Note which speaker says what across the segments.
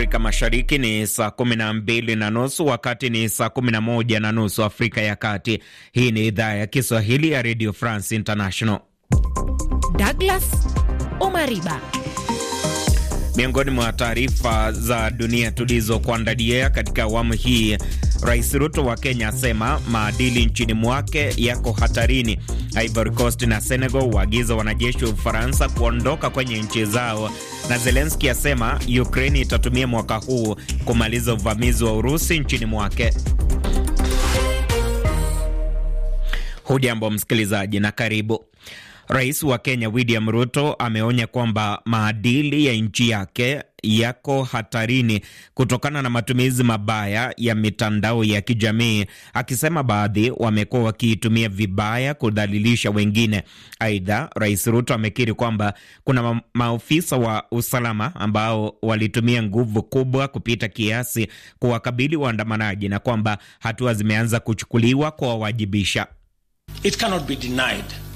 Speaker 1: Afrika Mashariki ni saa kumi na mbili na nusu wakati ni saa kumi na moja na nusu Afrika ya Kati. Hii ni idhaa ya Kiswahili ya Radio France International. Douglas Omariba miongoni mwa taarifa za dunia tulizokuandalia katika awamu hii, Rais Ruto wa Kenya asema maadili nchini mwake yako hatarini. Ivory Coast na Senegal waagiza wanajeshi wa Ufaransa kuondoka kwenye nchi zao na Zelenski asema Ukraini itatumia mwaka huu kumaliza uvamizi wa Urusi nchini mwake. Hujambo msikilizaji na karibu. Rais wa Kenya William Ruto ameonya kwamba maadili ya nchi yake yako hatarini kutokana na matumizi mabaya ya mitandao ya kijamii, akisema baadhi wamekuwa wakiitumia vibaya kudhalilisha wengine. Aidha, Rais Ruto amekiri kwamba kuna maofisa wa usalama ambao walitumia nguvu kubwa kupita kiasi kuwakabili waandamanaji na kwamba hatua zimeanza kuchukuliwa kuwawajibisha.
Speaker 2: It cannot be denied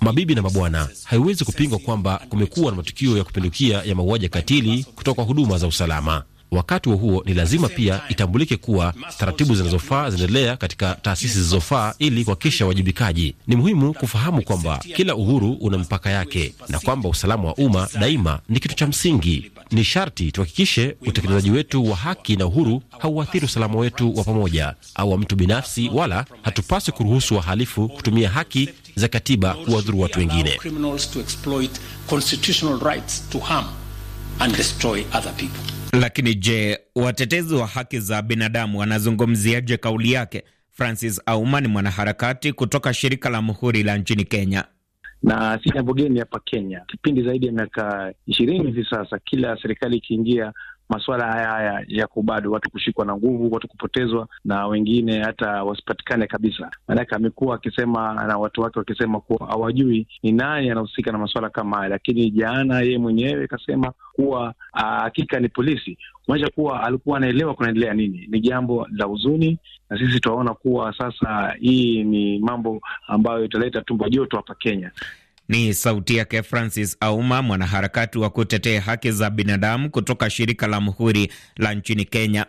Speaker 1: Mabibi na mabwana, haiwezi kupingwa kwamba kumekuwa na matukio ya
Speaker 2: kupindukia ya mauaji ya katili kutoka huduma za usalama. Wakati wa huo ni lazima pia itambulike kuwa taratibu zinazofaa zinaendelea katika taasisi zilizofaa ili kuhakikisha uwajibikaji. Ni muhimu kufahamu kwamba kila uhuru una mipaka yake na kwamba usalama wa umma daima ni kitu cha msingi. Ni sharti tuhakikishe utekelezaji wetu wa haki na uhuru hauathiri usalama wetu wa pamoja au wa mtu binafsi, wala hatupaswi kuruhusu wahalifu kutumia haki
Speaker 1: za katiba kuwadhuru watu wengine.
Speaker 2: And destroy other people.
Speaker 1: Lakini je, watetezi wa haki za binadamu wanazungumziaje kauli yake? Francis Auma ni mwanaharakati kutoka shirika la Muhuri la nchini Kenya. Na si jambo geni hapa Kenya, kipindi zaidi ya miaka ishirini hivi sasa, kila serikali ikiingia masuala haya haya yako bado, watu kushikwa na nguvu, watu kupotezwa, na wengine hata wasipatikane kabisa. Maanake amekuwa akisema na watu wake wakisema kuwa hawajui ni nani anahusika na masuala kama haya, lakini jana yeye mwenyewe
Speaker 2: ikasema kuwa ah, hakika ni polisi, kumaanisha kuwa alikuwa anaelewa kunaendelea nini. Ni
Speaker 1: jambo la huzuni, na sisi tunaona kuwa sasa hii ni mambo ambayo italeta tumbo joto hapa Kenya, ni sauti yake Francis Auma, mwanaharakati wa kutetea haki za binadamu kutoka shirika la Muhuri la nchini Kenya.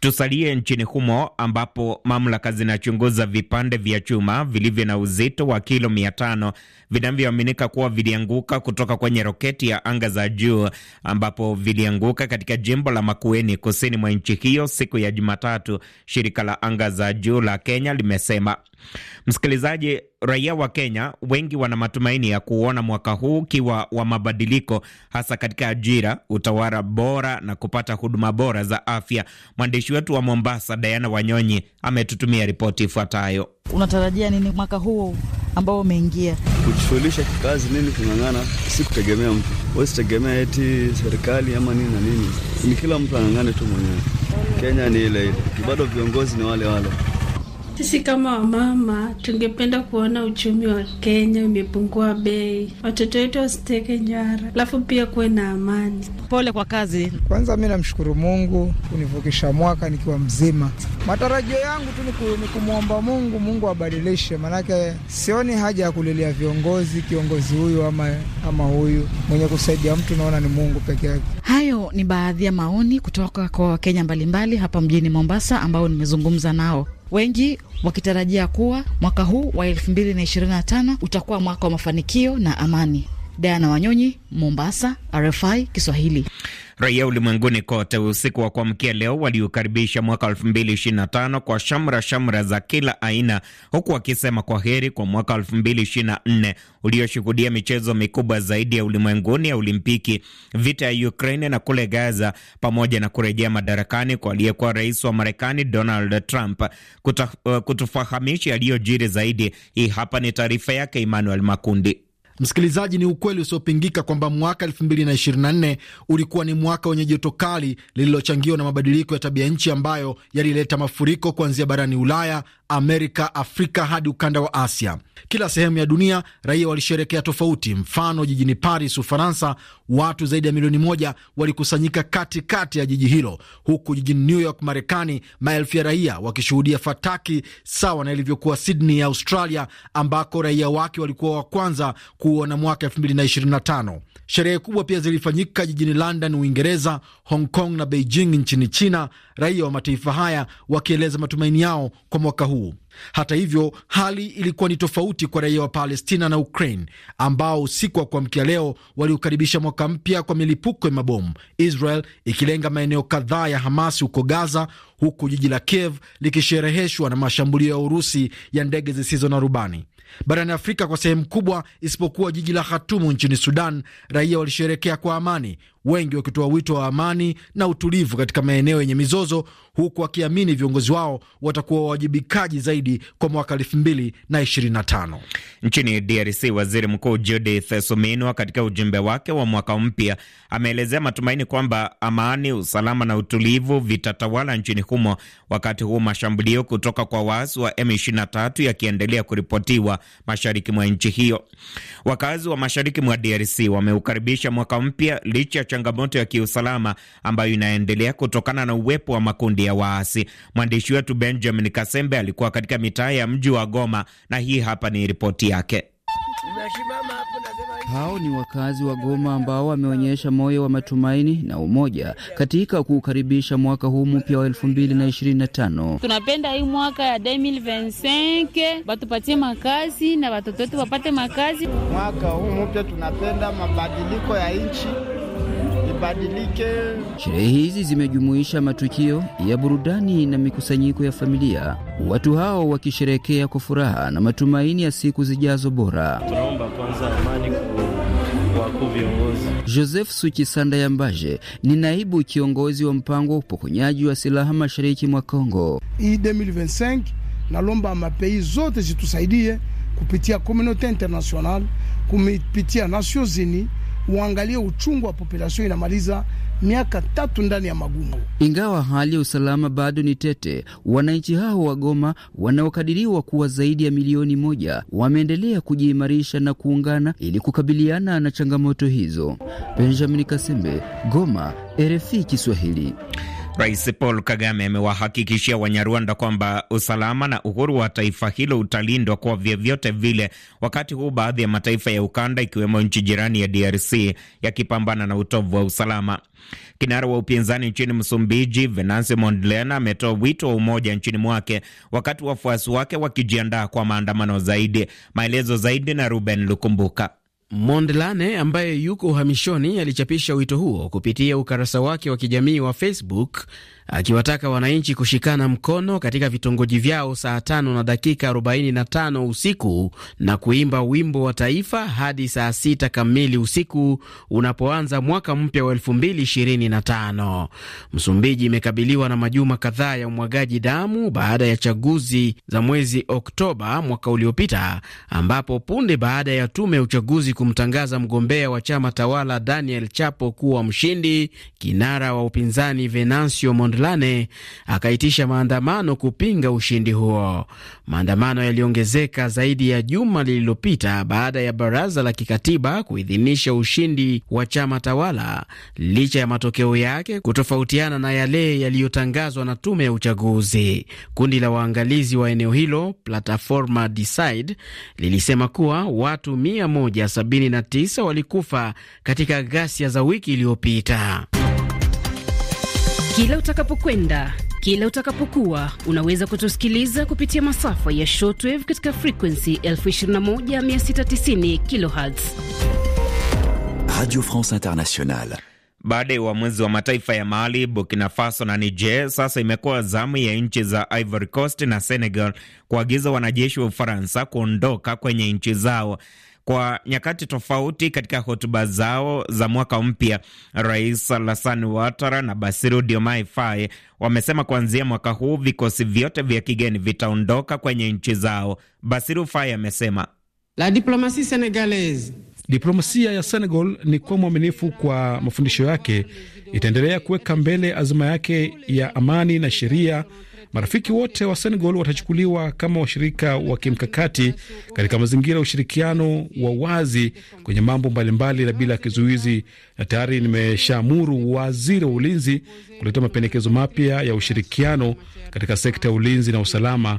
Speaker 1: Tusalie nchini humo ambapo mamlaka zinachunguza vipande vya chuma vilivyo na uzito wa kilo mia tano vinavyoaminika kuwa vilianguka kutoka kwenye roketi ya anga za juu ambapo vilianguka katika jimbo la Makueni kusini mwa nchi hiyo siku ya Jumatatu, shirika la anga za juu la Kenya limesema. Msikilizaji, raia wa Kenya wengi wana matumaini ya kuona mwaka huu ukiwa wa mabadiliko, hasa katika ajira, utawala bora na kupata huduma bora za afya. Mwandishi wetu wa Mombasa, Diana Wanyonyi, ametutumia ripoti ifuatayo.
Speaker 3: Unatarajia nini mwaka huu ambao umeingia?
Speaker 4: Kujishughulisha kikazi, nini kung'ang'ana, si kutegemea mtu, wasitegemea eti serikali ama nini na nini, ni kila mtu ang'ang'ane tu mwenyewe. Kenya ni ile ile, bado viongozi ni wale wale
Speaker 3: sisi kama wamama tungependa kuona uchumi wa Kenya umepungua bei, watoto wetu wasiteke nyara, alafu pia kuwe na amani. Pole kwa kazi.
Speaker 1: Kwanza mi namshukuru Mungu kunivukisha mwaka nikiwa mzima. Matarajio yangu tu ni kumwomba Mungu, Mungu abadilishe, maanake sioni haja ya kulilia viongozi, kiongozi huyu ama, ama huyu. Mwenye kusaidia mtu naona ni Mungu peke yake.
Speaker 3: Hayo ni baadhi ya maoni kutoka kwa Wakenya mbalimbali hapa mjini Mombasa ambao nimezungumza nao wengi wakitarajia kuwa mwaka huu wa 2025 utakuwa mwaka wa mafanikio na amani. Diana Wanyonyi, Mombasa,
Speaker 1: RFI Kiswahili. Raia ulimwenguni kote usiku wa kuamkia leo waliukaribisha mwaka 2025 kwa shamra shamra za kila aina, huku wakisema kwa heri kwa mwaka 2024 ulioshuhudia michezo mikubwa zaidi ya ulimwenguni ya Olimpiki, vita ya Ukraine na kule Gaza, pamoja na kurejea madarakani kwa aliyekuwa rais wa Marekani Donald Trump. Eh, kutufahamisha yaliyojiri zaidi, hii hapa ni taarifa yake Emmanuel Makundi.
Speaker 2: Msikilizaji, ni ukweli usiopingika kwamba mwaka 2024 ulikuwa ni mwaka wenye joto kali lililochangiwa na mabadiliko ya tabia nchi ambayo yalileta mafuriko kuanzia barani Ulaya, Amerika, Afrika hadi ukanda wa Asia. Kila sehemu ya dunia raia walisherekea tofauti. Mfano, jijini Paris, Ufaransa, watu zaidi ya milioni moja walikusanyika katikati ya jiji hilo, huku jijini New York Marekani maelfu ya raia wakishuhudia fataki sawa na ilivyokuwa Sydney ya Australia, ambako raia wake walikuwa wa kwanza kuona mwaka 2025. Sherehe kubwa pia zilifanyika jijini London, Uingereza, Hong Kong na Beijing nchini China, raia wa mataifa haya wakieleza matumaini yao kwa mwaka huu. Hata hivyo, hali ilikuwa ni tofauti kwa raia wa Palestina na Ukraine ambao usiku wa kuamkia leo waliukaribisha mwaka mpya kwa milipuko ya mabomu, Israel ikilenga maeneo kadhaa ya Hamas huko Gaza, huku jiji la Kiev likishereheshwa na mashambulio ya Urusi ya ndege zisizo na rubani. Barani Afrika kwa sehemu kubwa, isipokuwa jiji la Khatumu nchini Sudan, raia walisherekea kwa amani wengi wakitoa wito wa amani na utulivu katika maeneo yenye mizozo, huku wakiamini viongozi wao watakuwa wawajibikaji zaidi kwa mwaka elfu mbili na ishirini na tano.
Speaker 1: Nchini DRC, waziri mkuu Judith Suminwa katika ujumbe wake wa mwaka mpya ameelezea matumaini kwamba amani, usalama na utulivu vitatawala nchini humo, wakati huu mashambulio kutoka kwa waasi wa M23 yakiendelea kuripotiwa mashariki mwa nchi hiyo. Wakazi wa mashariki mwa DRC wameukaribisha mwaka mpya licha changamoto ya kiusalama ambayo inaendelea kutokana na uwepo wa makundi ya waasi. Mwandishi wetu Benjamin Kasembe alikuwa katika mitaa ya mji wa Goma na hii hapa ni ripoti yake.
Speaker 4: Hao ni wakazi wa Goma ambao wameonyesha moyo wa matumaini na umoja katika kuukaribisha mwaka huu mpya wa 2025. Tunapenda hii mwaka ya 2025 batupatie makazi na
Speaker 3: watoto wetu wapate makazi. Mwaka huu mpya tunapenda mabadiliko ya nchi ibadilike.
Speaker 4: Sherehe hizi zimejumuisha matukio ya burudani na mikusanyiko ya familia, watu hao wakisherekea kwa furaha na matumaini ya siku zijazo bora.
Speaker 2: Tunaomba kwanza amani wakuu viongozi.
Speaker 4: Joseph Sanda Yambaje ni naibu kiongozi wa mpango wa upokonyaji wa silaha mashariki mwa Kongo.
Speaker 2: Hii 2025 nalomba mapei zote zitusaidie kupitia komunote international, kupitia Nations Unies uangalie uchungu wa populasio inamaliza miaka tatu ndani ya magumu.
Speaker 4: Ingawa hali ya usalama bado ni tete, wananchi hao wa Goma wanaokadiriwa kuwa zaidi ya milioni moja wameendelea kujiimarisha na kuungana ili kukabiliana na changamoto hizo. Benjamin Kasembe, Goma, RFI Kiswahili.
Speaker 1: Rais Paul Kagame amewahakikishia Wanyarwanda kwamba usalama na uhuru wa taifa hilo utalindwa kwa vyovyote vile, wakati huu baadhi ya mataifa ya ukanda ikiwemo nchi jirani ya DRC yakipambana na utovu wa usalama. Kinara wa upinzani nchini Msumbiji, Venancio Mondlane, ametoa wito wa umoja nchini mwake, wakati wafuasi wake wakijiandaa kwa maandamano zaidi. Maelezo zaidi na Ruben Lukumbuka. Mondlane ambaye yuko uhamishoni alichapisha
Speaker 3: wito huo kupitia ukurasa wake wa kijamii wa Facebook akiwataka wananchi kushikana mkono katika vitongoji vyao saa tano na dakika 45 usiku na kuimba wimbo wa taifa hadi saa sita kamili usiku unapoanza mwaka mpya wa 2025. Msumbiji imekabiliwa na majuma kadhaa ya umwagaji damu baada ya chaguzi za mwezi Oktoba mwaka uliopita, ambapo punde baada ya tume ya uchaguzi kumtangaza mgombea wa chama tawala Daniel Chapo kuwa mshindi, kinara wa upinzani Venancio Mondlane akaitisha maandamano kupinga ushindi huo. Maandamano yaliongezeka zaidi ya juma lililopita baada ya baraza la kikatiba kuidhinisha ushindi wa chama tawala licha ya matokeo yake kutofautiana na yale yaliyotangazwa na tume ya uchaguzi. Kundi la waangalizi wa eneo hilo Plataforma Decide lilisema kuwa watu 179 walikufa katika ghasia za wiki iliyopita.
Speaker 4: Kila utakapokwenda, kila utakapokuwa, unaweza kutusikiliza kupitia masafa ya shortwave katika frequency 21690 kHz, Radio France Internationale.
Speaker 1: Baada ya uamuzi wa mataifa ya Mali, Burkina Faso na Niger, sasa imekuwa zamu ya nchi za Ivory Coast na Senegal kuagiza wanajeshi wa Ufaransa kuondoka kwenye nchi zao kwa nyakati tofauti katika hotuba zao za mwaka mpya. Rais Alassane Ouattara na Bassirou Diomaye Faye wamesema kuanzia mwaka huu vikosi vyote vya kigeni vitaondoka kwenye nchi zao. Bassirou Faye amesema
Speaker 3: la diplomatie senegalaise Diplomasia ya Senegal ni kuwa mwaminifu kwa mafundisho yake, itaendelea kuweka mbele azima yake ya amani na sheria Marafiki wote wa Senegal watachukuliwa kama washirika wa kimkakati katika mazingira ya ushirikiano wa wazi kwenye mambo mbalimbali na bila kizuizi, na tayari nimeshaamuru waziri wa ulinzi kuleta mapendekezo mapya ya ushirikiano katika sekta ya ulinzi na usalama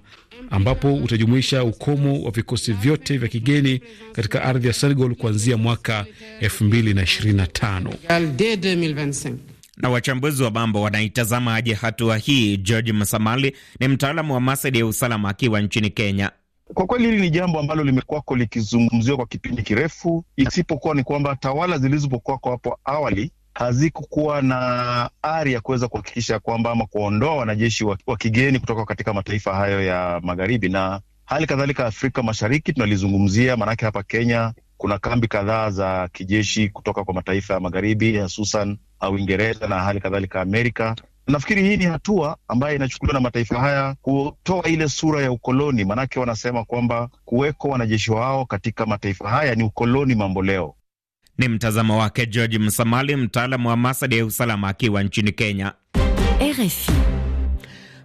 Speaker 3: ambapo utajumuisha ukomo wa vikosi vyote vya
Speaker 1: kigeni katika ardhi ya Senegal kuanzia mwaka 2025 na wachambuzi wa mambo wanaitazama aje hatua hii? George Masamali ni mtaalamu wa masuala ya usalama akiwa nchini Kenya. Kwa kweli hili ni jambo ambalo limekuwako likizungumziwa kwa kipindi kirefu, isipokuwa ni kwamba tawala zilizopokuwako hapo awali
Speaker 2: hazikukuwa na ari ya kuweza kuhakikisha kwamba ama kuondoa wanajeshi wa kigeni kutoka katika mataifa hayo ya magharibi na hali kadhalika Afrika Mashariki tunalizungumzia, maanake hapa Kenya kuna kambi kadhaa za kijeshi kutoka kwa mataifa ya magharibi hususan uh, Uingereza na hali kadhalika Amerika. Nafikiri hii ni hatua ambayo inachukuliwa na mataifa haya kutoa ile sura ya ukoloni, maanake wanasema kwamba kuweko wanajeshi wao
Speaker 1: katika mataifa haya ni ukoloni mambo leo. Ni mtazamo wake George Msamali, mtaalamu wa masadi ya usalama akiwa nchini Kenya, RFI.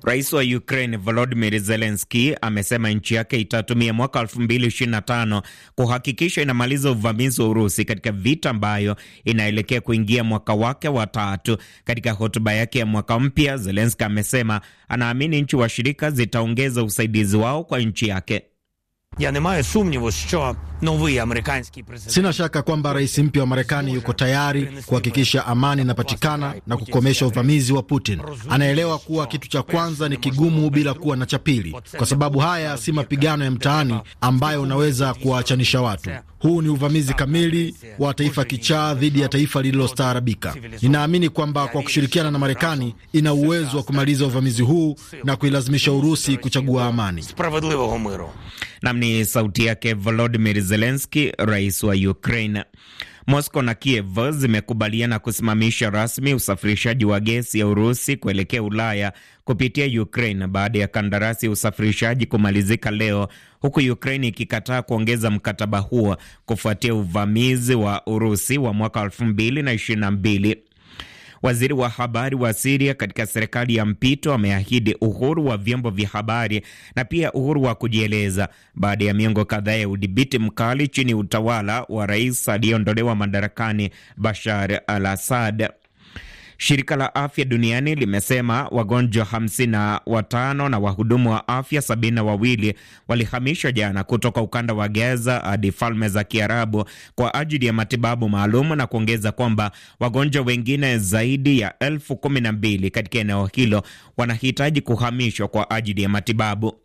Speaker 1: Rais wa Ukraine volodimir zelenski amesema nchi yake itatumia mwaka 2025 kuhakikisha inamaliza uvamizi wa Urusi katika vita ambayo inaelekea kuingia mwaka wake wa tatu. Katika hotuba yake ya mwaka mpya, zelenski amesema anaamini nchi washirika zitaongeza usaidizi wao kwa nchi yake я не маю сумніву, що новий американський президент.
Speaker 2: Sina shaka kwamba rais mpya wa Marekani yuko tayari kuhakikisha amani inapatikana na kukomesha uvamizi wa Putin. Anaelewa kuwa kitu cha kwanza ni kigumu bila kuwa na cha pili, kwa sababu haya si mapigano ya mtaani ambayo unaweza kuwaachanisha watu. Huu ni uvamizi kamili wa taifa kichaa dhidi ya taifa lililostaarabika. Ninaamini kwamba kwa kushirikiana na Marekani ina uwezo wa kumaliza uvamizi huu na kuilazimisha Urusi kuchagua amani.
Speaker 1: Nam ni sauti yake Volodimir Zelenski, rais wa Ukraine. Moscow na Kiev zimekubaliana kusimamisha rasmi usafirishaji wa gesi ya Urusi kuelekea Ulaya kupitia Ukraine baada ya kandarasi ya usafirishaji kumalizika leo, huku Ukraine ikikataa kuongeza mkataba huo kufuatia uvamizi wa Urusi wa mwaka 2022. Waziri wa habari wa Siria katika serikali ya mpito ameahidi uhuru wa vyombo vya habari na pia uhuru wa kujieleza baada ya miongo kadhaa ya udhibiti mkali chini ya utawala wa rais aliyeondolewa madarakani Bashar al Assad. Shirika la afya duniani limesema wagonjwa hamsini na watano na wahudumu wa afya sabini na wawili walihamishwa jana kutoka ukanda wa Gaza hadi Falme za Kiarabu kwa ajili ya matibabu maalum na kuongeza kwamba wagonjwa wengine zaidi ya elfu kumi na mbili katika eneo hilo wanahitaji kuhamishwa kwa ajili ya matibabu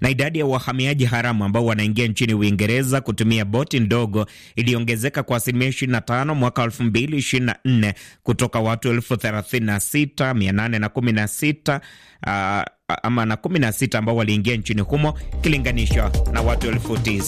Speaker 1: na idadi ya wahamiaji haramu ambao wanaingia nchini Uingereza kutumia boti ndogo iliongezeka kwa asilimia 25 mwaka 2024 kutoka watu 36816 uh, ah, ama na 16 ambao waliingia nchini humo ikilinganishwa na watu 9,000.